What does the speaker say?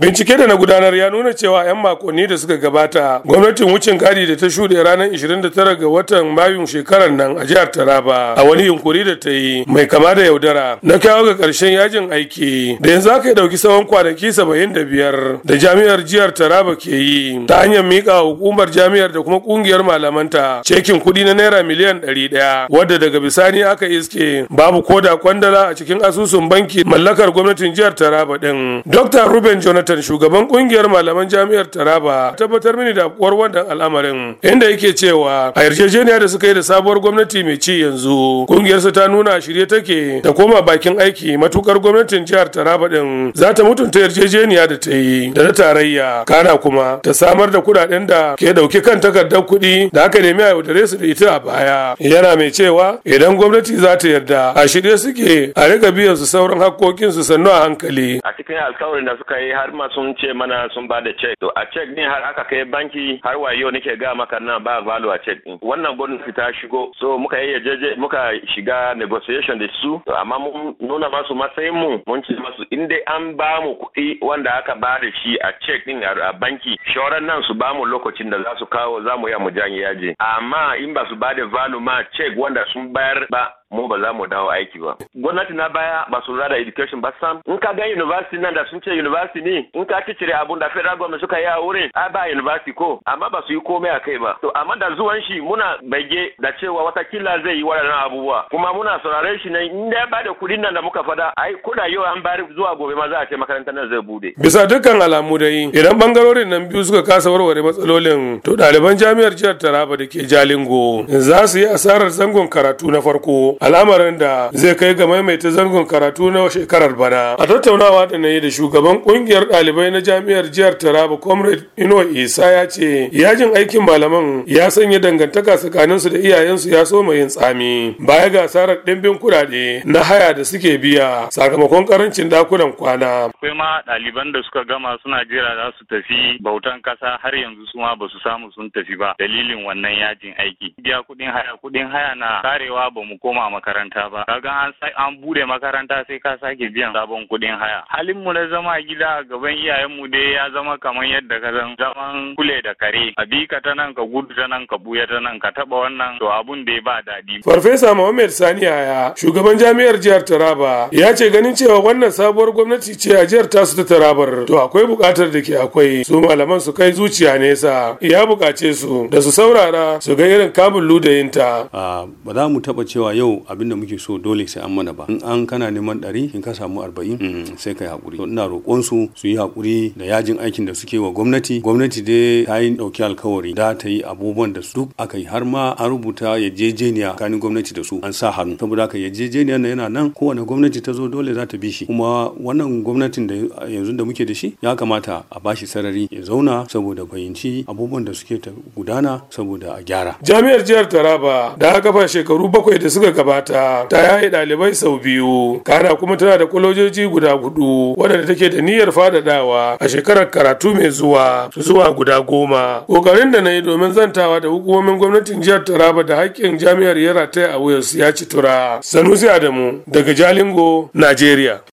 Bincike da na gudanar ya nuna cewa 'yan makonni da suka gabata gwamnatin wucin gadi da ta shuɗe ranar 29 ga watan mayu shekarar nan a jihar Taraba a wani yunkuri da ta yi mai kama da yaudara na kawo ga ƙarshen yajin aiki da yanzu aka ɗauki tsawon kwanaki 75 da jami'ar jihar Taraba ke yi ta hanyar miƙa hukumar jami'ar da kuma ƙungiyar malamanta cekin kuɗi na naira miliyan 100 wadda daga bisani aka iske babu koda kwandala a cikin asusun banki mallakar gwamnatin jihar Taraba ɗin. Dr. Ruben Jonathan Jonathan shugaban kungiyar malaman jami'ar Taraba tabbatar mini da kuwar wannan al'amarin inda yake cewa a yarjejeniya da suka yi da sabuwar gwamnati mai ci yanzu kungiyar ta nuna shirye take da koma bakin aiki matukar gwamnatin jihar Taraba din za ta mutunta yarjejeniya da ta yi da na tarayya kana kuma ta samar da kudaden da ke dauki kan takardar kuɗi da aka nemi a yaudare su da ita a baya yana mai cewa idan gwamnati za ta yarda a shirye suke a riga biyan su sauran hakkokin su sannu a hankali a cikin alkawarin da suka yi har ma sun ce mana sun ba da cek to a cek din har aka kai banki har wayo nake ga maka nan ba value a cek din wannan gwamnati ta shigo so muka yi yajeje muka shiga negotiation da su to amma mun nuna masu matsayin mu mun ce masu in dai an ba mu kuɗi wanda aka ba da shi a cek din a banki shoran nan su ba mu lokacin da za su kawo za mu yi mu yaje amma in ba su ba da value ma cek wanda sun bayar ba mu ba za mu dawo aiki ba. Gwamnati na baya ba su lura da education ba sam. In ka gan university nan da sun ce university ne, in ka cire abun da federal government suka yi a wurin, a ba university ko, amma ba su yi komai a kai ba. To amma da zuwan shi muna bege da cewa watakila zai yi waɗannan abubuwa. Kuma muna saurare shi ne in da ya bada kuɗin nan da muka fada, ai da yau an bari zuwa gobe ma za a ce makarantar nan zai bude. Bisa dukkan alamu dai, idan bangarorin nan biyu suka kasa warware matsalolin, to ɗaliban jami'ar jihar Taraba da ke Jalingo za su yi asarar zangon karatu na farko. al'amarin da zai kai ga maimaita zangon karatu na shekarar bana. A tattaunawa da na yi da shugaban kungiyar ɗalibai na jami'ar jihar Taraba Comrade Ino Isa ya ce yajin aikin malaman ya sanya dangantaka tsakanin su da iyayensu ya soma yin tsami baya ga asarar ɗimbin kuɗaɗe na haya da suke biya sakamakon karancin dakunan kwana. Akwai ma ɗaliban da suka gama suna jira za su tafi bautan kasa har yanzu su ma ba su samu sun tafi ba dalilin wannan yajin aiki. Biya kuɗin haya kuɗin haya na karewa ba mu koma koma makaranta ba kaga an an bude makaranta sai ka sake biyan sabon kuɗin haya halin mu na zama gida gaban iyayen mu dai ya zama kamar yadda ka san zaman kule da kare a bi ka ta nan ka gudu ta nan ka buya ta nan ka taba wannan to abun da ba daɗi. farfesa muhammad sani yaya shugaban jami'ar jihar taraba ya ce ganin cewa wannan sabuwar gwamnati ce a jihar tasu ta tarabar to akwai bukatar da ke akwai su malaman su kai zuciya nesa ya bukace su da su saurara su ga irin kamun ludayinta. Ah, ba za mu taba cewa yau abin da muke so dole sai an mana ba in an kana neman ɗari in ka samu arba'in mm, sai ka yi haƙuri ina roƙon su su yi haƙuri da yajin aikin da suke wa gwamnati gwamnati dai ta yi ɗauki alkawari da ta yi abubuwan da duk aka yi har ma an rubuta yarjejeniya kanin gwamnati da su an sa hannu saboda haka yarjejeniyar na yana nan kowane gwamnati ta zo dole za ta bi shi kuma wannan gwamnatin da yanzu da muke da shi ya kamata a ba shi sarari ya zauna saboda fahimci abubuwan da suke ta gudana saboda a gyara jami'ar jihar taraba da aka ba shekaru bakwai da suka gabata gabata ta yaye dalibai sau biyu kana kuma tana da kulojoji guda hudu waɗanda take da niyyar fadadawa a shekarar karatu mai zuwa zuwa guda goma kokarin da na yi domin zantawa da hukumomin gwamnatin jihar taraba da haƙƙin jami'ar yara ta a wales ya ci tura sanusi adamu daga jalingo najeriya